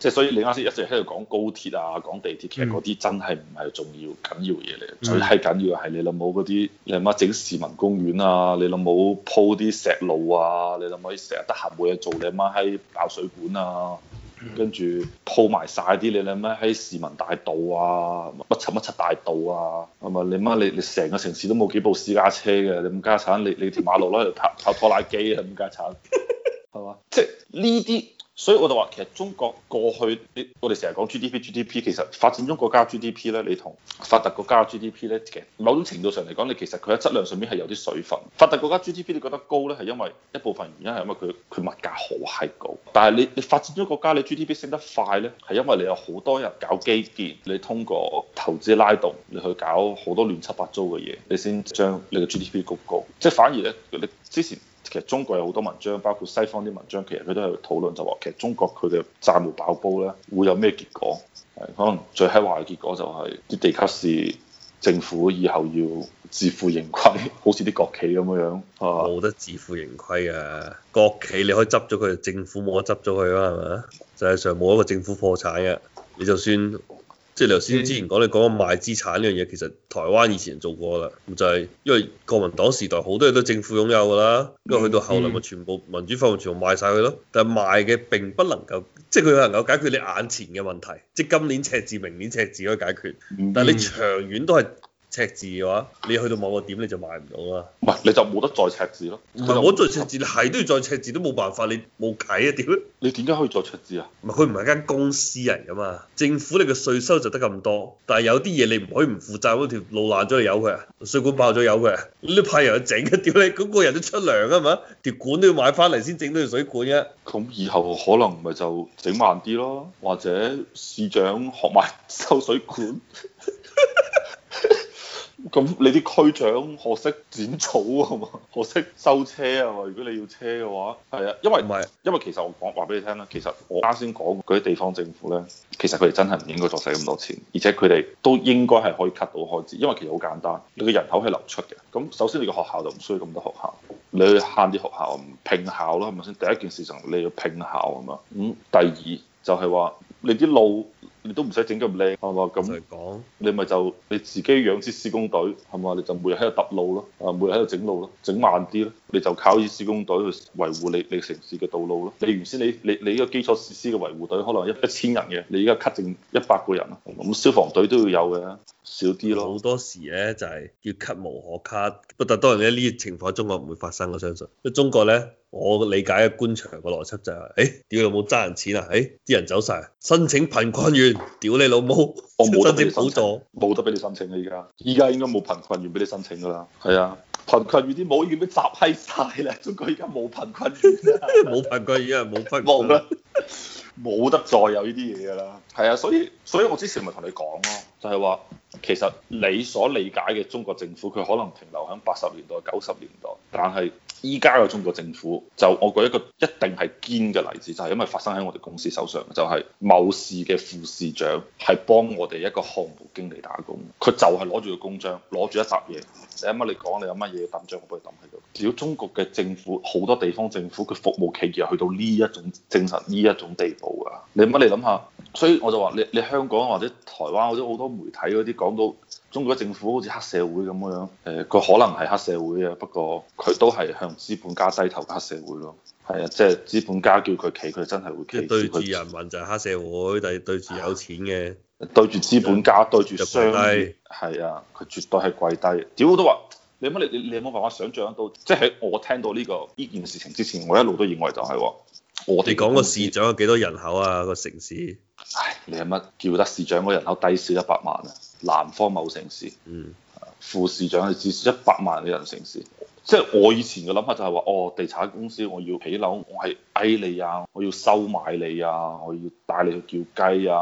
即係所以你啱先一直喺度講高鐵啊，講地鐵，其實嗰啲真係唔係重要緊要嘢嚟，最係緊要係你老母嗰啲你阿媽整市民公園啊，你老母鋪啲石路啊，你老母成日得閒冇嘢做，你阿媽喺爆水管啊，跟住鋪埋晒啲你你阿媽喺市民大道啊，乜乜乜七大道啊，係咪？你阿媽你你成個城市都冇幾部私家車嘅，你咁家產，你你條馬路攞嚟拍拍拖拉機啊，咁家產，係嘛？即係呢啲。所以我就話，其實中國過去我哋成日講 GDP，GDP 其實發展中國家 GDP 咧，你同發達國家 GDP 咧，其實某種程度上嚟講，你其實佢喺質量上面係有啲水分。發達國家 GDP 你覺得高咧，係因為一部分原因係因為佢佢物價好係高。但係你你發展中國家你 GDP 升得快咧，係因為你有好多人搞基建，你通過投資拉動，你去搞好多亂七八糟嘅嘢，你先將你嘅 GDP 高高。即係反而咧，你之前。其實中國有好多文章，包括西方啲文章，其實佢都係討論就話，其實中國佢嘅債務爆煲咧，會有咩結果？係可能最壞嘅結果就係啲地級市政府以後要自負盈虧，好似啲國企咁樣啊，冇得自負盈虧啊！國企你可以執咗佢，政府冇得執咗佢啦，係咪啊？實際上冇一個政府破產嘅，你就算。嗯、即係頭先之前講你講個、嗯、賣資產呢樣嘢，其實台灣以前做過啦，咁就係、是、因為國民黨時代好多嘢都政府擁有㗎啦，因咁去到後嚟咪全部民主法案全部賣晒佢咯。但係賣嘅並不能夠，即係佢能夠解決你眼前嘅問題，即係今年赤字，明年赤字可以解決，但係你長遠都係。赤字嘅話，你去到某個點你就買唔到啦。唔係，你就冇得再赤字咯。唔係我再赤字，你係都要再赤字，都冇辦法。你冇計啊？點你點解可以再赤字啊？唔係佢唔係間公司嚟噶嘛？政府你個稅收就得咁多，但係有啲嘢你唔可以唔負責。嗰條路爛咗有佢啊，水管爆咗有佢。你派人去整一屌你，咁、那個人都出糧啊嘛？條管都要買翻嚟先整到條水管嘅、啊。咁以後可能咪就整慢啲咯，或者市長學埋收水管。 咁你啲區長學識剪草啊嘛，學識收車啊嘛。如果你要車嘅話，係啊，因為唔係因為其實我講話俾你聽啦，其實我啱先講嗰啲地方政府咧，其實佢哋真係唔應該再使咁多錢，而且佢哋都應該係可以 cut 到開支，因為其實好簡單，你嘅人口係流出嘅。咁首先你嘅學校就唔需要咁多學校，你去慳啲學校，拼校咯，係咪先？第一件事情你要拼校啊嘛，咁、嗯、第二就係、是、話你啲路。你都唔使整咁靚，係嘛？咁嚟講，你咪就你自己養支施工隊，係嘛？你就每日喺度揼路咯，啊，每日喺度整路咯，整慢啲咯，你就靠啲施工隊去維護你你城市嘅道路咯。你原先你你你呢個基礎設施嘅維護隊可能一一千人嘅，你而家 cut 剩一百個人啊。咁、嗯、消防隊都要有嘅，少啲咯。好多時咧就係要 cut 無可 cut，不過當然咧呢啲情況喺中國唔會發生，我相信。咁中國咧。我理解嘅官場嘅邏輯就係、是，誒、哎，屌你老母揸人錢啊！誒、哎，啲人走晒，申請貧困員，屌你老母，我冇得俾你申請，冇得俾你申請，冇得俾你申請啦！依家依家應該冇貧困員俾你申請噶啦，係啊，貧困員啲冇嘢俾集閪晒啦，中國而家冇貧困員冇貧困員啊，冇窟窿冇得再有呢啲嘢噶啦，係啊，所以所以，所以我之前咪同你講咯，就係、是、話，其實你所理解嘅中國政府，佢可能停留喺八十年代、九十年代，但係。依家嘅中國政府就我舉一個一定係堅嘅例子，就係、是、因為發生喺我哋公司手上，就係某市嘅副市長係幫我哋一個項目經理打工，佢就係攞住個公章，攞住一沓嘢，你諗下你講，你有乜嘢抌章，我幫你抌喺度。只要中國嘅政府好多地方政府，佢服務企業去到呢一種精神呢一種地步㗎，你乜你諗下？所以我就話你你香港或者台灣或者好多媒體嗰啲講到中國政府好似黑社會咁樣，誒，佢可能係黑社會啊，不過佢都係向資本家低頭嘅黑社會咯。係啊，即係資本家叫佢企，佢真係會企。對住人民就係黑社會，啊，但係對住有錢嘅，對住資本家，就對住低。係啊，佢絕對係跪低。屌都話，你有乜你你你有冇辦法想像到？即係喺我聽到呢個呢件事情之前，我一路都認為就係我哋講個市長有幾多人口啊個城市？唉，你係乜叫得市長？個人口低少一百萬啊，南方某城市，嗯，副市長係至少一百萬嘅人城市，即係我以前嘅諗法就係話，哦，地產公司我要起樓，我係誒你啊，我要收買你啊，我要帶你去叫雞啊，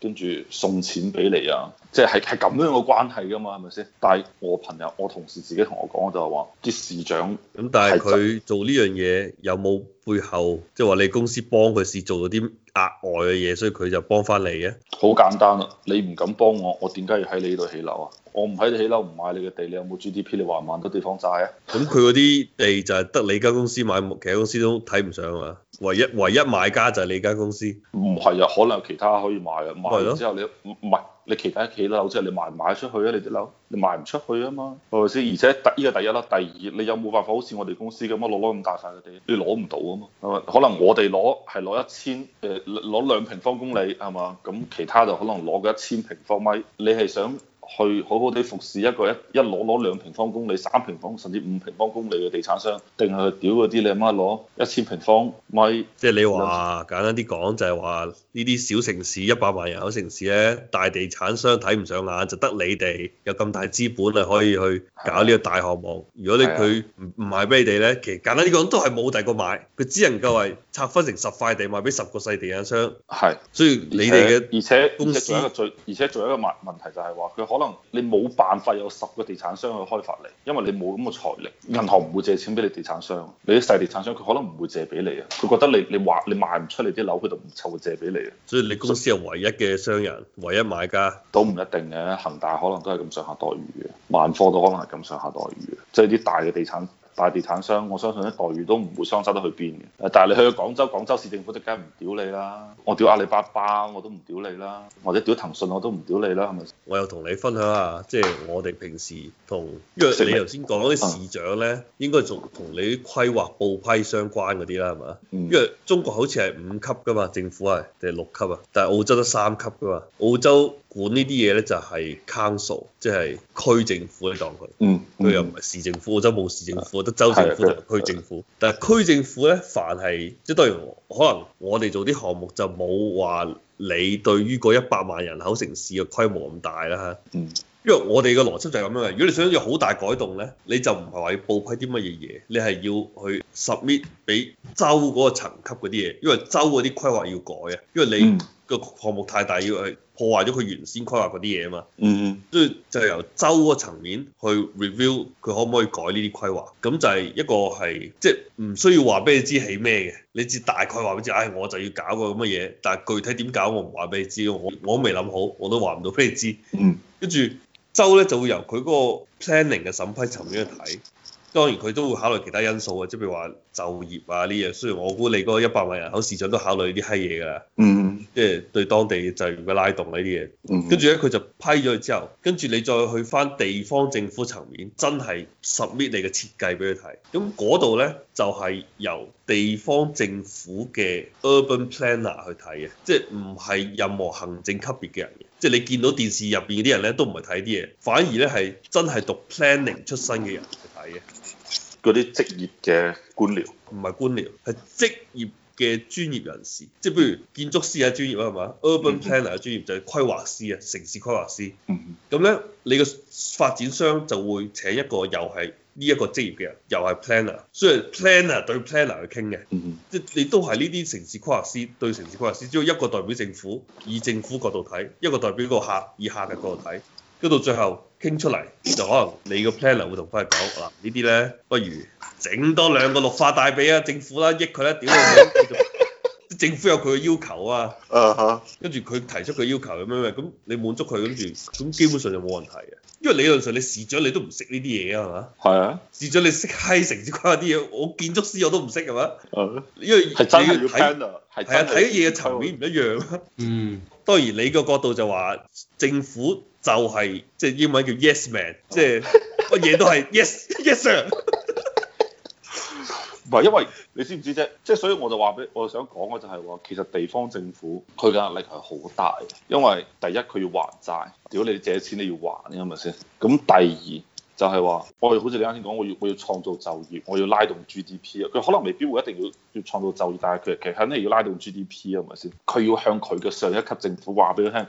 跟住送錢俾你啊，即係係咁樣嘅關係㗎嘛，係咪先？但係我朋友、我同事自己同我講就係話，啲市長咁、嗯，但係佢做呢樣嘢有冇？背後即係話你公司幫佢事做咗啲額外嘅嘢，所以佢就幫翻你嘅。好簡單啊，你唔敢幫我，我點解要喺你度起樓啊？我唔喺你起樓，唔買你嘅地，你有冇 GDP？你還唔還到地方債啊？咁佢嗰啲地就係得你間公司買，其他公司都睇唔上啊。唯一唯一買家就係你間公司。唔係啊，可能有其他可以買啊，買完之後你唔係。 你其他屋企啦，樓即係你賣唔賣出去啊？你啲樓，你賣唔出去啊嘛，係咪先？而且第呢個第一啦，第二你有冇辦法好似我哋公司咁樣攞攞咁大塊嘅地，你攞唔到啊嘛？係，可能我哋攞係攞一千誒攞兩平方公里係嘛？咁其他就可能攞個一千平方米，你係想？去好好地服侍一個一一攞攞兩平方公里、三平方甚至五平方公里嘅地產商，定係去屌嗰啲你阿媽攞一千平方米，即係你話簡單啲講，就係話呢啲小城市一百萬人口城市咧，大地產商睇唔上眼，就得你哋有咁大嘅資本啊，可以去搞呢個大項目。如果你佢唔唔賣俾你哋咧，其實簡單啲講都係冇第二個買，佢只能夠係拆分成十塊地賣俾十個細地產商。係的，所以你哋嘅而且仲有一個最而且仲有，有一個問問題就係話佢。可能你冇辦法有十個地產商去開發你，因為你冇咁嘅財力，銀行唔會借錢俾你地產商，你啲細地產商佢可能唔會借俾你啊，佢覺得你你話你賣唔出你啲樓，佢就唔會借俾你。所以你公司係唯一嘅商人，以唯一買家都唔一定嘅，恒大可能都係咁上下待遇嘅，萬科都可能係咁上下待遇嘅，即係啲大嘅地產。大地產商，我相信啲待遇都唔會相差得去邊嘅。但係你去到廣州，廣州市政府就梗係唔屌你啦。我屌阿里巴巴，我都唔屌你啦。或者屌騰，騰訊，我都唔屌你啦，係咪？我又同你分享下，即係我哋平時同因為你頭先講嗰啲市長呢，是是應該仲同你啲規劃報批相關嗰啲啦，係嘛？嗯、因為中國好似係五級噶嘛，政府係定係六級啊？但係澳洲得三級噶嘛？澳洲管呢啲嘢呢，就係 council，即係區政府嚟當佢。嗯。佢又唔係市政府，澳洲冇市政府。嗯嗯嗯得州政府同區政府，但係區政府咧，凡係即係當然，可能我哋做啲項目就冇話你對於嗰一百萬人口城市嘅規模咁大啦嚇。因為我哋嘅邏輯就係咁樣嘅。如果你想要有好大改動咧，你就唔係話要報批啲乜嘢嘢，你係要去 submit 俾州嗰個層級嗰啲嘢，因為州嗰啲規劃要改啊，因為你。嗯個項目太大，要係破壞咗佢原先規劃嗰啲嘢啊嘛，嗯、mm，嗯、hmm.，所以就由州嗰層面去 review 佢可唔可以改呢啲規劃，咁就係一個係，即係唔需要話俾你知起咩嘅，你只大概話俾你知，唉、哎、我就要搞個咁嘅嘢，但係具體點搞我唔話俾你知，我我未諗好，我都話唔到俾你知，嗯、mm，hmm.，跟住州咧就會由佢嗰個 planning 嘅審批層面去睇。當然佢都會考慮其他因素啊，即譬如話就業啊呢樣。雖然我估你嗰一百萬人口市場都考慮呢啲閪嘢㗎喇。嗯、mm。即、hmm. 係對當地嘅就業嘅拉動呢啲嘢。Mm hmm. 跟住咧，佢就批咗佢之後，跟住你再去翻地方政府層面，真係 submit 你嘅設計俾佢睇。咁嗰度咧就係、是、由地方政府嘅 urban planner 去睇嘅，即係唔係任何行政級別嘅人。即係你見到電視入邊啲人咧，都唔係睇啲嘢，反而咧係真係讀 planning 出身嘅人去睇嘅。嗰啲職業嘅官僚，唔係官僚，係職業嘅專業人士，即係譬如建築師嘅專業啊，係嘛？Urban planner 嘅專業就係、是、規劃師啊，城市規劃師。嗯、mm。咁、hmm. 咧，你個發展商就會請一個又係呢一個職業嘅人，又係 planner。所以 planner 對 planner 去傾嘅。Mm hmm. 即係你都係呢啲城市規劃師對城市規劃師，只有一個代表政府以政府角度睇，一個代表個客以客嘅角度睇，咁到最後，傾出嚟，就可能你個 planner 會同翻佢講，嗱呢啲咧，不如整多兩個綠化帶俾啊政府啦，益佢啦，屌！政府、啊、 政府有佢嘅要求啊，啊嚇、uh，huh. 跟住佢提出佢要求咁樣，咁你滿足佢，跟住咁基本上就冇問題嘅，因為理論上你市長你都唔識呢啲嘢啊嘛，係啊，uh huh. 市長你識閪城市規劃啲嘢，我建築師我都唔識係嘛，uh huh. 因為係真係要 plan 啊，係啊，睇嘢嘅層面唔一樣嗯。 當然，你個角度就話政府就係、係、即係英文叫 yes man， 即係乜嘢都係 yes yes sir。唔 係因為你知唔知啫？即係所以我就話俾我係想講嘅就係話，其實地方政府佢嘅壓力係好大嘅，因為第一佢要還債，如果你借咗錢你要還嘅係咪先？咁第二。就係話，我哋好似你啱先講，我要我要創造就業，我要拉動 GDP 啊！佢可能未必會一定要要創造就業，但係佢其實肯定要拉動 GDP 啊，係咪先？佢要向佢嘅上一級政府話俾佢聽。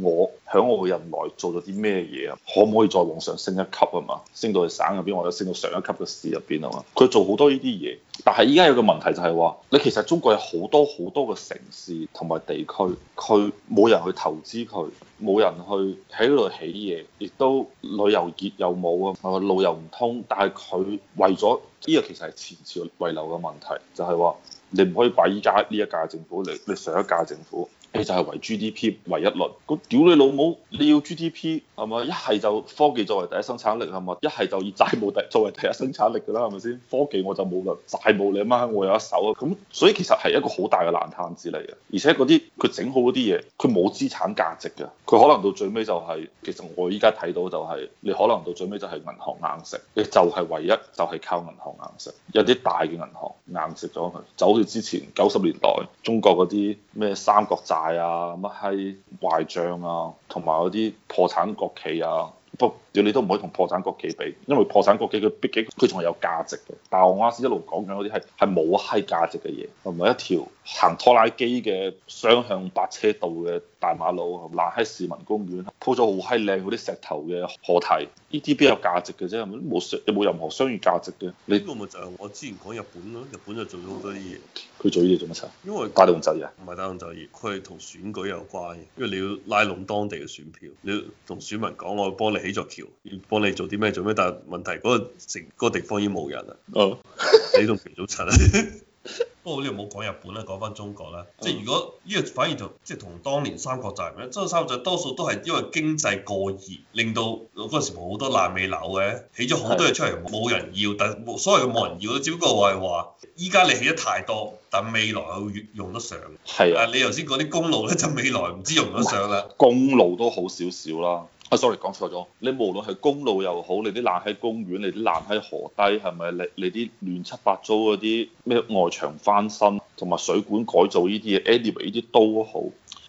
我喺我人內做咗啲咩嘢啊？可唔可以再往上升一級啊嘛？升到去省入邊，或者升到上一級嘅市入邊啊嘛？佢做好多呢啲嘢，但係依家有個問題就係話，你其實中國有好多好多嘅城市同埋地區，佢冇人去投資佢，冇人去喺度起嘢，亦都旅遊業又冇啊，路又唔通。但係佢為咗呢、這個，其實係前朝遺留嘅問題，就係、是、話你唔可以怪依家呢一屆政，政府，你你上一屆政府。你就係為 GDP 唯一論，咁屌你老母！你要 GDP 係嘛？一係就科技作為第一生產力係嘛？一係就以債務作為第一生產力㗎啦，係咪先？科技我就冇啦，債務你阿媽我有一手啊！咁所以其實係一個好大嘅爛攤子嚟嘅，而且嗰啲佢整好嗰啲嘢，佢冇資產價值㗎，佢可能到最尾就係、是，其實我依家睇到就係、是，你可能到最尾就係銀行硬食，誒就係、是、唯一就係、是、靠銀行硬食，有啲大嘅銀行硬食咗佢，就好似之前九十年代中國嗰啲咩三角債。係啊，乜閪壞賬啊，同埋嗰啲破產國企啊，不。你都唔可以同破產國企比，因為破產國企佢畢竟佢仲係有價值嘅。但係我啱先一路講緊嗰啲係係冇閪價值嘅嘢，同埋一條行拖拉機嘅雙向八車道嘅大馬路，爛喺市民公園鋪咗好閪靚嗰啲石頭嘅河堤，呢啲邊有價值嘅啫？冇商，有冇任何商業價值嘅？你個咪就係我之前講日本咯，日本就做咗好多啲嘢。佢做呢啲做乜？因為帶動就業，唔係帶動就業，佢係同選舉有關嘅，因為你要拉攏當地嘅選票，你要同選民講我幫你起咗橋。要幫你做啲咩做咩？但問題嗰、嗰個城嗰、嗰個地方已經冇人啦。哦，oh. 你都肥咗塵？不過你唔好講日本啦，講翻中國啦。Oh. 即係如果呢個反而就即係同當年三角債就係即係三角債就多數都係因為經濟過熱，令到嗰陣時好多爛尾樓嘅，起咗好多嘢出嚟冇的人要。但冇所謂冇人要，只不過我係話依家你起得太多，但未來會用得上。係啊的，你頭先講啲公路咧，就未來唔知用唔得上啦。公路都好少少啦。啊，sorry，講錯咗。你無論係公路又好，你啲爛喺公園，你啲爛喺河堤，係咪你，你啲亂七八糟嗰啲咩外牆翻新，同埋水管改造呢啲嘢？anyway，呢啲都好。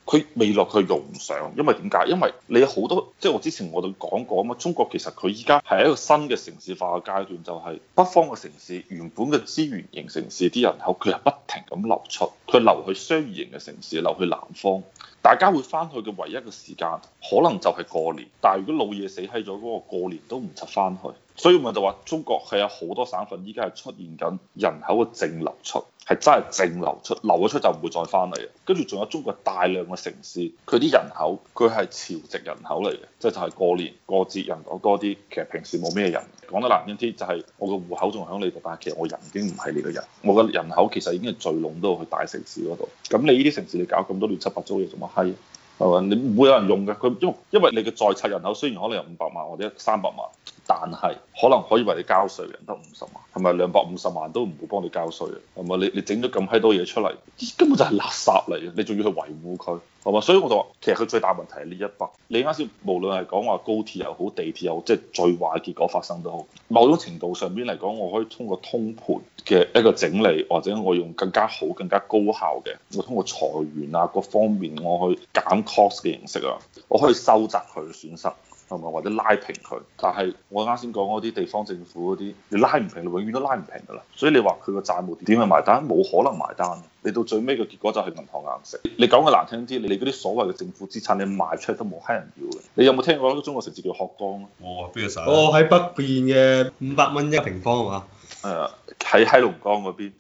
佢未落，佢用唔上，因為點解？因為你有好多，即係我之前我哋講過啊嘛。中國其實佢依家係一個新嘅城市化嘅階段，就係北方嘅城市原本嘅資源型城市啲人口，佢係不停咁流出，佢流去商業型嘅城市，流去南方。大家會翻去嘅唯一嘅時間可能就係過年。但係如果老嘢死喺咗嗰個過年都唔出翻去。所以咪就話中國係有好多省份依家係出現緊人口嘅淨流出，係真係淨流出，流咗出就唔會再翻嚟嘅。跟住仲有中國大量嘅城市，佢啲人口佢係潮汐人口嚟嘅，即係就係、是、過年過節人口多啲，其實平時冇咩人。講得難聽啲就係我個戶口仲喺你度，但係其實我人已經唔係你個人。我嘅人口其實已經係聚攏到去大城市嗰度。咁你呢啲城市你搞咁多亂七八糟嘢做乜閪？係嘛，你唔會有人用嘅。佢因因為你嘅在冊人口雖然可能有五百萬或者三百萬。但係可能可以為你交稅，人得五十萬，係咪兩百五十萬都唔會幫你交稅啊？係咪你你整咗咁閪多嘢出嚟，根本就係垃圾嚟，你仲要去維護佢，係嘛？所以我就話，其實佢最大問題係呢一筆。你啱先無論係講話高鐵又好，地鐵又好，即係最壞結果發生都好，某種程度上邊嚟講，我可以通過通盤嘅一個整理，或者我用更加好、更加高效嘅，我通過裁員啊各方面，我去減 cost 嘅形式啊，我可以收窄佢嘅損失。係咪？或者拉平佢？但係我啱先講嗰啲地方政府嗰啲，你拉唔平，你永遠都拉唔平㗎啦。所以你話佢個債務點去埋單？冇可能埋單。你到最尾個結果就係銀行硬食。你講嘅難聽啲，你嗰啲所謂嘅政府資產，你賣出嚟都冇黑人要嘅。你有冇聽過、哦、個一個中國城市叫鶴崗啊？我喺北邊嘅五百蚊一平方啊！係喺黑龍江嗰邊，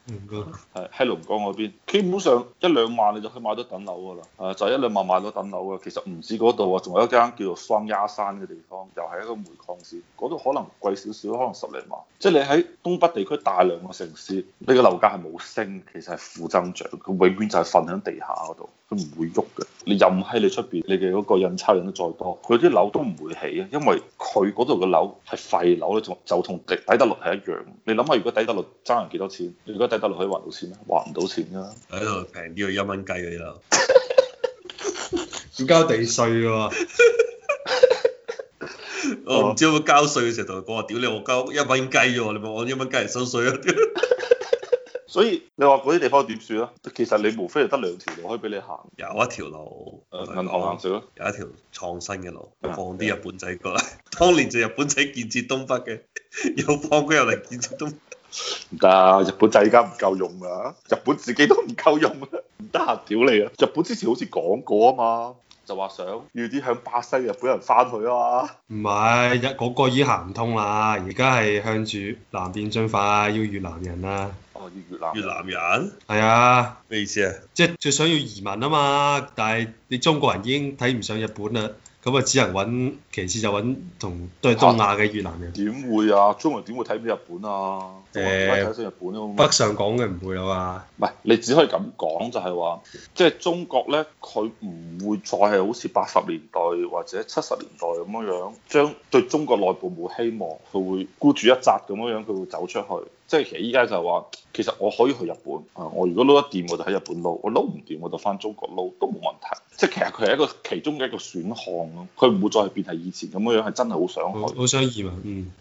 係黑龍江嗰邊，基本上一兩萬你就可以買到等樓噶啦，啊就係、一兩萬買到等樓嘅。其實唔止嗰度啊，仲有一間叫做雙鴨山嘅地方，又係一個煤礦市，嗰度可能貴少少，可能十零萬。即係你喺東北地區大量嘅城市，你嘅樓價係冇升，其實係負增長，佢永遠就係瞓喺地下嗰度。佢唔會喐嘅，你任喺你出邊，你嘅嗰個印鈔印得再多，佢啲樓都唔會起啊，因為佢嗰度嘅樓係廢樓咧，同就同底特律係一樣。你諗下，如果底特律爭人幾多錢？如果底特律可以還到錢咩？還唔到錢噶、啊，喺度平啲到一蚊雞嗰啲樓，要 交地稅啊！ 我唔知會唔會交稅嘅時候同佢講啊，屌你，我交一蚊雞啫，你咪我一蚊雞收稅咯、啊。 所以你話嗰啲地方點算啊？其實你無非係得兩條路可以俾你行，有一條路、呃、銀行行食咯，有一條創新嘅路，放啲日本仔過嚟。 當年就日本仔建設東北嘅，又 放佢入嚟建設東北。唔得，日本仔而家唔夠用啦，日本自己都唔夠用啦，唔得閒屌你啊！日本之前好似講過啊嘛。就話想要啲向巴西日本人翻去啊！唔係，一嗰個已經行唔通啦，而家係向住南邊進化，要越南人啦。哦，越南越南人。係啊。咩意思啊？即係最想要移民啊嘛，但係你中國人已經睇唔上日本啦。咁啊，只能揾其次就揾同都係東亞嘅越南人。點、啊、會啊？中國點會睇唔起日本啊？誒、欸，睇上日本咯、啊。北上港嘅唔會啊嘛。唔係，你只可以咁講就，就係話，即係中國咧，佢唔會再係好似八十年代或者七十年代咁樣樣，將對中國內部冇希望，佢會孤注一擲咁樣樣，佢會走出去。即係其實依家就係話，其實我可以去日本啊！我如果撈得掂，我就喺日本撈；我撈唔掂，我就返中國撈，都冇問題。即係其實佢係一個其中嘅一個選項咯，佢唔會再變係以前咁樣樣，係真係好想去，好想移民。嗯，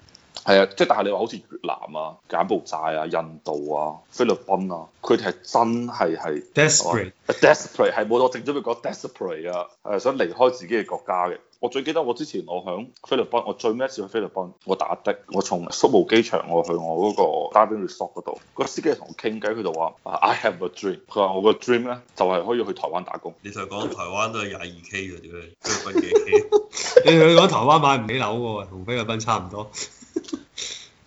係啊，即係但係你話好似越南啊、柬埔寨啊、印度啊、菲律賓啊，佢哋係真係係 desperate，desperate 係冇我政總佢講 desperate 啊，係想離開自己嘅國家嘅。我最記得我之前我喺菲律賓，我最尾一次去菲律賓，我打的，我從宿霧機場我去我嗰個 Darwin Resort 嗰度，個司機同我傾偈，佢就話：I have a dream。佢話我個 dream 呢就係可以去台灣打工。你就講台灣都係廿二 K 噶？點解菲律賓幾 K？ 你係講台灣買唔起樓喎，同菲律賓差唔多。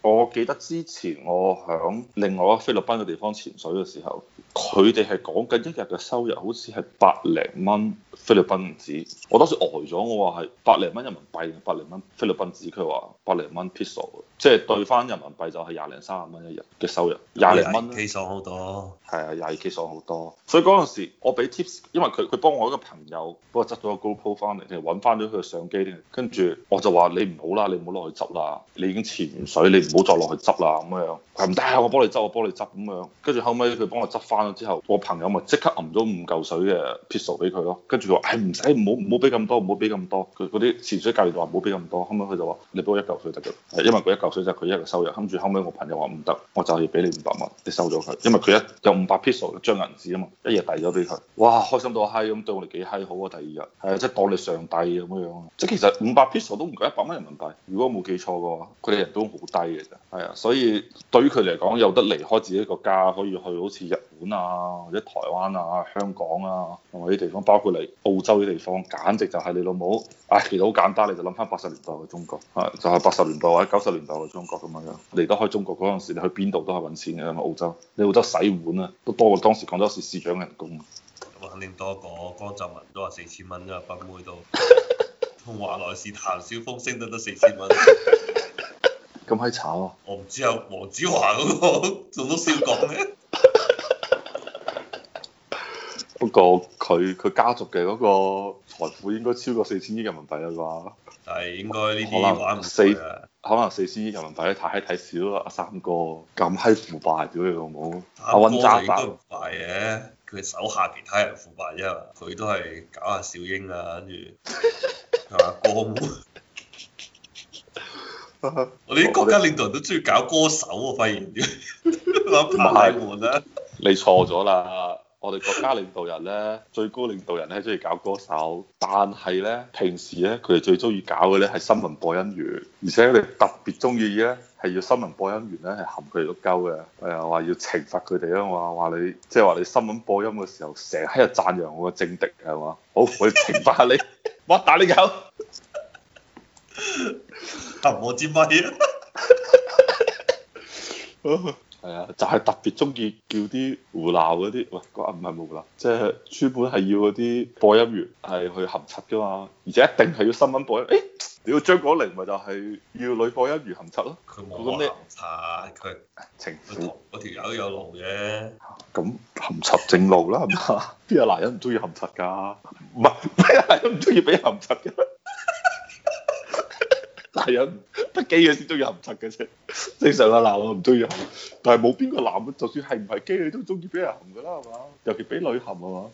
我記得之前我喺另外一菲律賓嘅地方潛水嘅時候，佢哋係講緊一日嘅收入好似係百零蚊。菲律賓紙，我當時呆咗我話係百零蚊人民幣，百零蚊菲律賓紙，佢話百零蚊 piso，即係對翻人民幣就係廿零三十蚊一日嘅收入，廿零蚊，廿二 K 爽好多，係啊，廿二 K 爽好多，所以嗰陣時我俾 tips，因為佢佢幫我一個朋友，幫我執咗個 GoPro 翻嚟，揾翻咗佢嘅相機，跟住我就話你唔好啦，你唔好落去執啦，你已經潛完水，你唔好再落去執啦咁樣，佢唔得啊，我幫你執，我幫你執咁樣，跟住後尾佢幫我執翻咗之後，我朋友咪即刻揞咗五嚿水嘅 piso 俾佢咯，住話，唔使唔好唔好俾咁多，唔好俾咁多。佢嗰啲潛水教練話唔好俾咁多。後尾佢就話：你俾我一嚿水得㗎，因為佢一嚿水就係佢一個收入。跟住後尾我朋友話唔得，我就係俾你五百蚊，你收咗佢，因為佢一有五百 Peso 一張銀紙啊嘛，一嘢遞咗俾佢，哇開心到閪咁，對我哋幾閪好啊！第二日係啊，即係當你上帝咁樣，即係其實五百 Peso 都唔夠一百蚊人民幣。如果冇記錯嘅話，佢哋人都好低嘅啫。係啊，所以對於佢嚟講，有得離開自己個家，可以去好似日本啊、或者台灣啊、香港啊同埋啲地方，包括你。澳洲嘅地方簡直就係你老母，唉、哎，其實好簡單，你就諗返八十年代嘅中國，啊，就係八十年代或者九十年代嘅中國咁樣樣，離得開中國嗰陣時，你去邊度都係揾錢嘅，咪澳洲，你澳洲洗碗啊，都多過當時廣州市市長嘅人工啊，咁肯定多過江澤民都係四千蚊啫，北妹都，同華萊士談笑風生得得四千蚊，咁閪慘啊！我唔知有黃子華嗰、嗰個做乜笑講咧？個佢佢家族嘅嗰個財富應該超過四千億人民幣啦啩，但係應該呢啲可能四可能四千億人民幣太睇少啦，阿三,三哥咁閪腐敗，啊，屌你老母，阿溫渣都腐敗嘅，佢手下其他人腐敗啫，佢都係搞下小英啊，跟住同阿歌門，我哋啲國家領導人都中意搞歌手，我發現太悶啦， 你錯咗啦。 我哋國家領導人呢，最高領導人呢，中意搞歌手，但係呢，平時呢，佢哋最中意搞嘅呢係新聞播音員，而且佢哋特別中意嘅呢，係要新聞播音員呢係含佢哋都鳩嘅，誒話要懲罰佢哋啊，我話話你，即係話你新聞播音嘅時候，成日喺度讚揚我嘅政敵係嘛，好，我懲罰下你， 擘大你口。含我支咪。係啊，就係、是、特別中意叫啲胡鬧嗰啲喂，唔係冇胡鬧，即係專本係要嗰啲播音員係去含柒噶嘛，而且一定係要新聞播音。哎、你屌張果玲咪就係要女播音員含柒咯，佢冇含柒，佢情婦嗰條友有路嘅。咁 含柒正路啦，係嘛？邊有男人唔中意含柒㗎？唔係咩男人唔中意俾含柒㗎？ 係啊， 機行不基嘅先中意含柒嘅啫，正常啦，男我唔中意含，但係冇邊個男嘅，就算係唔係基你都中意俾人含嘅啦係嘛，尤其俾女含係嘛。